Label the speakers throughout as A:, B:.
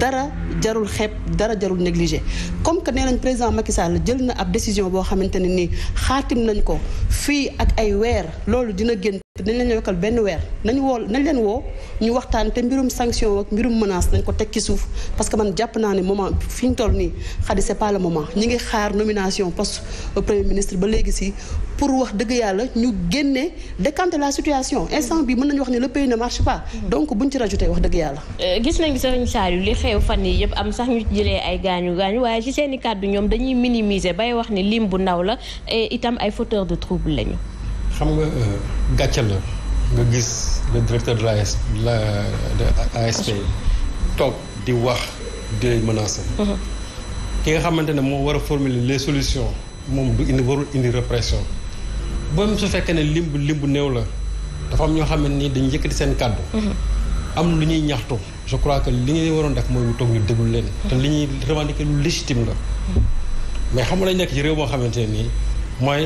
A: dara jarul xepp dara jarul négligé comme que nee nañ président Macky Sall jël na ab décision boo xamante ne nii xaatim nañ ko fii ak ay weer loolu dina génn te dañ leen yokkal benn weer nañu woo nañ leen woo ñu waxtaan te mbirum sanction ak mbirum menace nañ ko teg ci suuf parce que man jàpp naa ne moment fi ñu toll nii xadi c'est pas moment ñi ngi xaar nomination poste euh, premier ministre ba léegi si pour wax dëgg yàlla ñu génne décanter la situation instant bi mën nañu wax ne le pays ne marche pas donc buñ ci rajouté wax dëgg yàlla
B: euh, gis nañ sëriñ Saliou li xew fan yi yëpp am sax ñu jëlee ay gaañu gaañu waaye ci seen i kàddu ñoom dañuy minimiser bay wax ni lim bu ndaw la et itam ay fauteurs de trouble lañu
C: xam nga euh, gàcce la nga gis le directeur de l'AS la st toog di wax di lay menacer. ki nga xamante ne moo war a formuler les solution moom du indi warul indi répression boobu su fekkee ne limb limb néew la dafa am ñoo xamante nii dañu yëkkati seen kàddu. am lu ñuy ñaxtu je crois que li ñuy waroon def mooy ñu toog ñu déglu leen. te li ñuy revendiquer lu légitime la. mais xam nekk ci réew moo xamante ne nii mooy.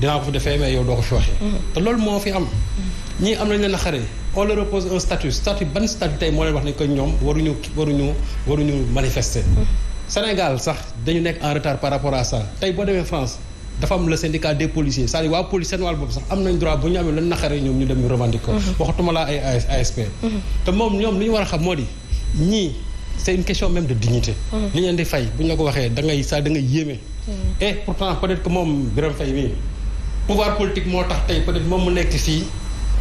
C: dinaa ko fa defee mais yow doo ko sooxee. Mm-hmm. te loolu moo fi am. Mm-hmm. ñii am nañ leen a xaree on leur repose un statut statut ban statut tey moo leen wax ne que ñoom waruñu waruñu waruñu manifester. Mm-hmm. Sénégal sax dañu nekk en retard par rapport à ça tey boo demee France dafa am le syndicat des policiers c'est-à-dire waa police seen wàll boobu sax am nañ droit bu ñu amee lan naqaree ñoom ñu dem ñu revendiquer. waxatuma laa ay ASP. te moom ñoom li ñu war a xam moo di ñii seen une même de dignité. li ñu leen di fay bu ñu ko waxee da ngay saa da ngay yéeme. et pourtant être que moom Birame Faye mii. pouvoir politique moo tax tey peut moom mu nekk si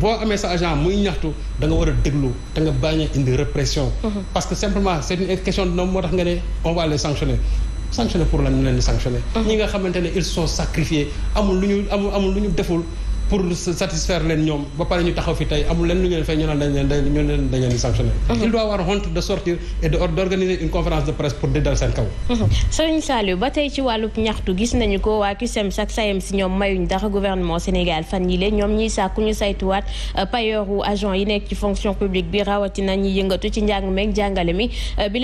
C: boo amee sa agent muy ñaxtu danga war a déglu te nga bañ indi répression. Mhm. parce que simplement c'est une question de norme moo tax nga ne on va les sanctionner. sanctionner pour lan ñu leen di sanctionner. Mhm. ñi nga xamante ne ils sont sacrifiés amul lu ñu amul amul lu ñu deful. pour satisfaire leen ñoom ba pare ñu taxaw fi tey amul leen lu ngeen fay ñu naan dañ leen dañ ñu leen dañ leen di sanctionné. Mhm. il doit avoir honte de sortir et de d' organiser une conférence de presse pour di dal seen kaw.
B: Mhm. Sëriñ Saliou ba tey ci wàllub ñaxtu gis nañu ko waa CUSEMS ak SAEMS ñoom mayuñ dara gouvernement Sénégal fan yii la ñoom ñiy sàkku ñu saytuwaat euh, payooru agent yi nekk ci fonction publique bi rawatina ñi yëngatu ci njàng meeg jàngale mi euh, bi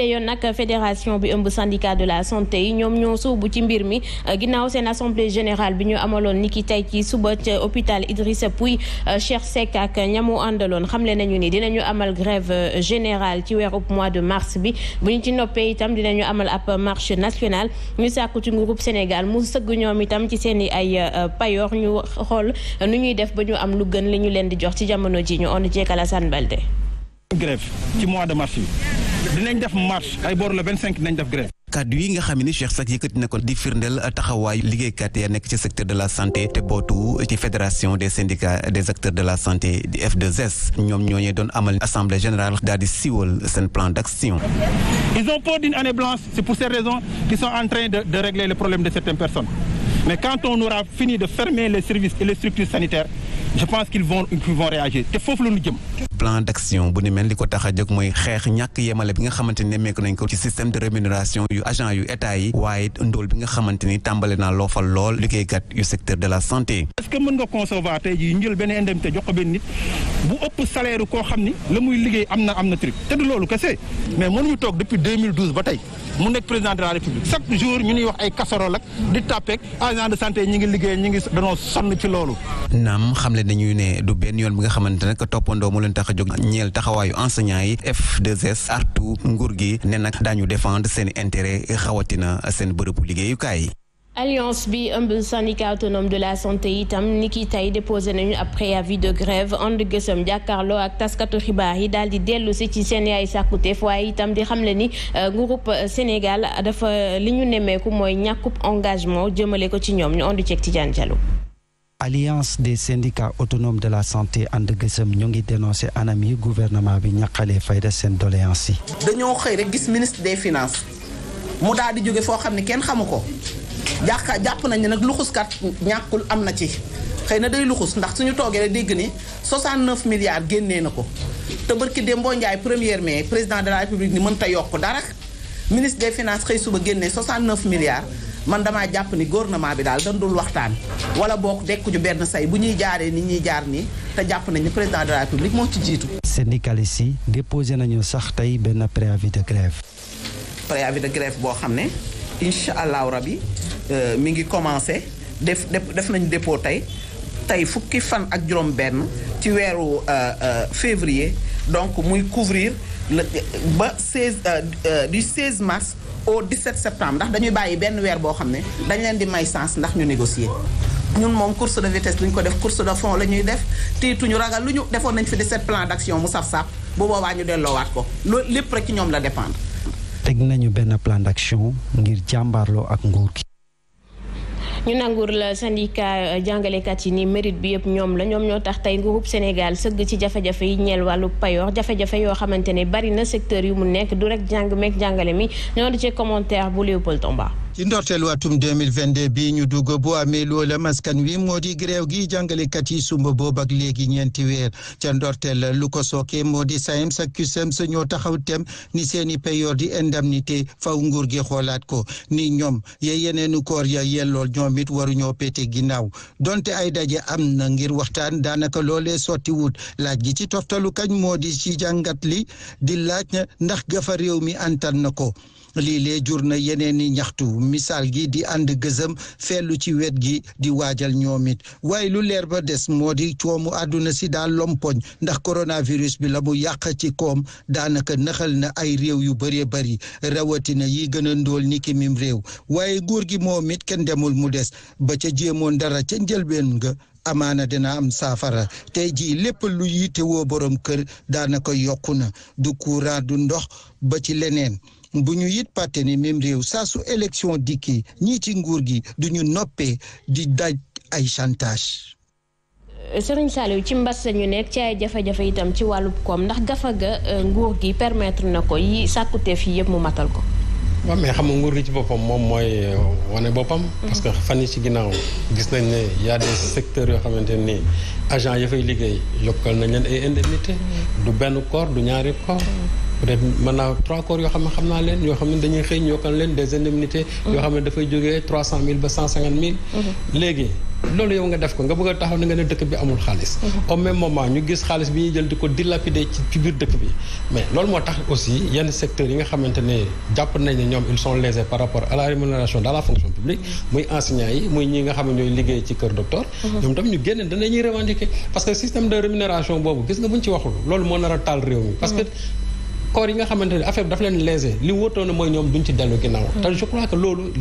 B: Sall Idrissa Pouy euh, Cheikh Seck ak ñamu àndaloon xamle nañu ni dinañu amal grève euh, général ci weeru mois de mars bi bu ñu ci noppee itam dinañu amal ab marche nationale ñu sàkku ci nguurub Sénégal mu sëgg ñoom itam ci seen ay euh, payoor ñu xool nu ñuy def ba ñu am lu gën li ñu leen di jox ci jamono ji ñu ond ceek Alassane Balde
C: grève ci mois de mars bi dinañ def marche ay bor le 25
D: dinañ def grève kàddu yi nga xam ni Cheikh Seck yëkkati na ko di firndeel taxawaayu liggéeykat ya nekk ci secteur de la santé te bootu ci fédération des syndicats des acteurs de la santé di f 2 ñoom ñooñee doon amal assemblée générale daal di siiwal seen plan d'action.
C: Ils ont peur d'une année blanche, c'est pour ces raisons qu'ils sont en train de, régler le problème de certaines personnes. Mais quand on aura fini de fermer les services et les structures sanitaires, je pense
D: plan d'action bu ni mel li ko tax a jóg mooy xeex ñàkk yemale bi nga xamante ni nemmeeku ci système de rémunération yu agent yu état yi waaye ndóol bi nga xamante ni loofal lool liggéeykat yu secteur de la santé.
C: est que mën nga concevoir tey njël benn indemnité jox benn nit bu ëpp salaire koo xam ni la muy liggéey am na am na truc te du loolu kese mais mënuñu toog depuis ba tey mu nekk président de la république chaque jour ñu ñuy
D: tax a jóg ñeel taxawaayu enseignant yi F2S artu nguur gi ne nag daañu défendre seen intérêt xawatina seen bërëbu liggéeyukaay.
B: alliance bi ëmb syndicat autonome de la santé itam ni ki tey déposé nañu ab préavis de grève ànd gësëm jàkkaarloo ak taskatu xibaar yi daal di dellu si ci seen ay sàkkuteef waaye itam di xam le ni euh, groupe euh, Sénégal dafa li ñu nemmeeku mooy ñàkkub engagement jëmale ko ci ñoom ñu ànd ceeg Tidiane Diallo
E: alliance des syndicats autonomes de la santé ànd gësëm ñu ngi dénoncé anam yi
A: gouvernement
E: bi ñaqalee fayda seen doléance yi.
A: dañoo xëy rek gis ministre des finance mu daal di jóge foo xam ne kenn xamu ko jàkka jàpp nañ ne nag luxuskat ñàkkul am na ci xëy na day luxus ndax suñu toogee rek dégg ni 69 milliards génnee na ko te barki Dembo Ndiaye premier mai président de la république ni mënta yokk dara ministre de finance xëy suba génnee 69 milliards. man damaa jàpp ni gouvernement bi daal dañ dul waxtaan wala boog dekkuñu benn say bu ñuy jaaree ni ñuy jaar nii te jàpp nañ ni président de la république moo ci jiitu.
E: syndicalistes si déposé nañu sax tey benn préavis de grève.
A: préavis de grève boo xam ne incha allahu rabi euh, mi ngi commencé def def nañu dépôt tey tey fukki fan ak juróom-benn ci weeru euh, euh, février donc muy couvrir ba 16 du mars. au 17 septembre ndax dañuy bàyyi benn weer boo xam ne dañ leen di may sens ndax ñu négocier ñun moom course de vitesse duñ ko def course de fond la ñuy def tiituñu ragal lu ñu defoon nañ fi 17 plan d'action mu saf-saf bu boobaa ñu delloowaat ko loolu lépp rek ci ñoom la dépendre.
E: teg nañu benn plan d'action ngir jàmbaarloo ak nguur gi.
B: ñu nangur la syndicat euh, jàngalekat yi ni mérit bi yëpp ñoom la ñoom ñoo tax tey nguurub Sénégal sëgg ci jafe-jafe yi ñeel wàllu payoor jafe-jafe yoo xamante ne bari na secteur yu mu nekk du rek jàng meek jàngale mi ñoo di ci commentaire bu Léopold Tomba
E: ci ndorteelu atum 2022 bi ñu dugg bu amee loola maskan wi moo di grève gi jàngalekat yi sumba boobu ak léegi ñeenti weer ca ndorteel lu ko sooke moo di SAEMS ak CUSEMS ñoo taxaw tem ni seeni payoor di indemnité faw nguur gi xoolaat ko ni ñoom ya yeneenu koor ya yellool ñoom it waruñoo péete ginnaaw donte ay daje am na ngir waxtaan daanaka loole sotti wut laaj gi ci toftalu kañ moo di ci jàngat li di laaj ndax gafa réew mi antan na ko lii lee jur na yeneen i ñaxtu misaal gi di ànd gëzëm fellu ci wet gi di waajal ñoom it waaye lu leer ba des moo di coomu àdduna si daal lompoñ ndax coronavirus bi la mu yàq ci koom daanaka naxal na ay réew yu bëree bëri rawatina yi gën a ndóol ni réew waaye góor gi moom it kenn demul mu des ba ca jéemoon dara ca njëlbeen nga amaana dena am saafara tey jii lépp lu yittewoo borom kër daanaka yokku na du courant du ndox ba ci leneen bu ñu it parte ni même réew saa su élection dikkee ñii ci nguur gi du ñu noppee di daj ay chantage.
B: Sëriñ Saliou ci mbas ñu nekk ci ay jafe-jafe itam ci wàllu koom ndax gafa ga euh, nguur gi permettre na ko yi sàkkuteef yi yëpp mu matal ko.
C: moom mais xam nga nguur gi ci boppam moom mooy euh, wane boppam. Mhm. parce que fan yi ci ginnaaw gis nañ ne y' a des yoo xamante ni agent ya fay liggéey yokkal nañ leen ay indemnité mhm. du benn corps du ñaari corps. Mhm. peut-être mën naa trois corps yoo xam ne xam naa leen yoo xam ne dañuy xëy ñu yokkal leen des indemnités. Mhm. yoo xam ne dafay jógee trois cent mille ba cent cinquante mille. Mhm. léegi loolu yow nga def ko nga bëgg a taxaw ne nga ne dëkk bi amul xaalis. Mhm. au même moment ñu gis xaalis bi ñuy jël di ko dilapider ci biir dëkk bi. mais loolu moo tax aussi yenn secteurs yi nga xamante ne jàpp nañ ne ñoom ils sont lésés par rapport à la rémunération dans la fonction publique muy enseignants yi muy corps yi nga xamante ne affaire bi dafa leen léser li wóotoon na mooy ñoom duñ ci dellu ginnaaw hmm. te je crois que loolu